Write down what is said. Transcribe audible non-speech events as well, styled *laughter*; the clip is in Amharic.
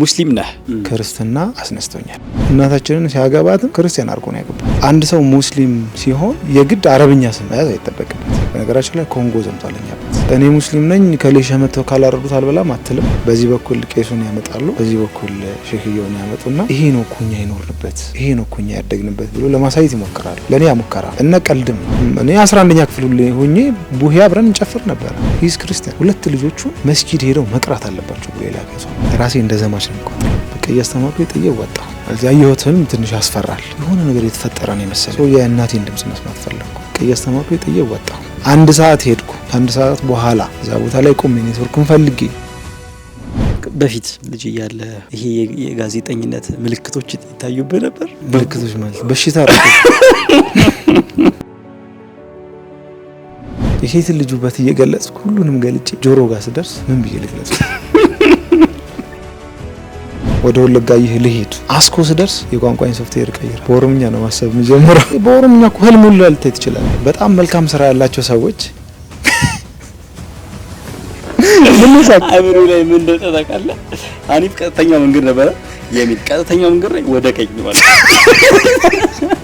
ሙስሊም ነህ? ክርስትና አስነስቶኛል። እናታችንን ሲያገባትም ክርስቲያን አድርጎ ነው ያገባ። አንድ ሰው ሙስሊም ሲሆን የግድ አረብኛ ስም መያዝ አይጠበቅበት። በነገራችን ላይ ኮንጎ ዘምቷለኛ እኔ ሙስሊም ነኝ ከሌሽ መጥተው ካላረዱት አልበላም አትልም። በዚህ በኩል ቄሱን ያመጣሉ፣ በዚህ በኩል ሼክየውን ያመጡና ይሄ ነው ኩኛ ይኖርንበት ይሄ ነው ኩኛ ያደግንበት ብሎ ለማሳየት ይሞክራሉ። ለእኔ ያሞከራ እነ ቀልድም እኔ አስራ አንደኛ ክፍል ሆኜ ቡሄ አብረን እንጨፍር ነበረ። ሂስ ክርስቲያን ሁለት ልጆቹ መስጊድ ሄደው መቅራት አለባቸው ብሎ ላገ ራሴ እንደዘ እየሰማችን እኮ በቃ እያስተማርኩ የጥዬ ወጣሁ። ያየሁትን ትንሽ ያስፈራል። የሆነ ነገር የተፈጠረ ነው የመሰለኝ። የእናቴን ድምጽ መስማት ፈለግኩ። በቃ እያስተማርኩ የጥዬ ወጣ። አንድ ሰዓት ሄድኩ። ከአንድ ሰዓት በኋላ እዛ ቦታ ላይ ቆሜ ኔትወርኩን ፈልጌ በፊት ልጅ እያለ ይሄ የጋዜጠኝነት ምልክቶች ይታዩብህ ነበር? ምልክቶች ማለት በሽታ ይሄ ልጁበት እየገለጽኩ ሁሉንም ገልጬ ጆሮ ጋር ስደርስ ምን ብዬ ልግለጽ? ወደ ወለጋ ይህ ልሄድ አስኮ ስደርስ የቋንቋኝ ሶፍትዌር ቀይረ በኦሮምኛ ነው ማሰብ የምጀምረው። *laughs* በኦሮምኛ እኮ ህልም ሁሉ ይችላል። በጣም መልካም ስራ ያላቸው ሰዎች አእምሮ ላይ ምን እንደወጣ ታውቃለህ? አኒፍ ቀጥተኛ መንገድ ነበረ የሚል ቀጥተኛ መንገድ ላይ ወደ ቀኝ ማለት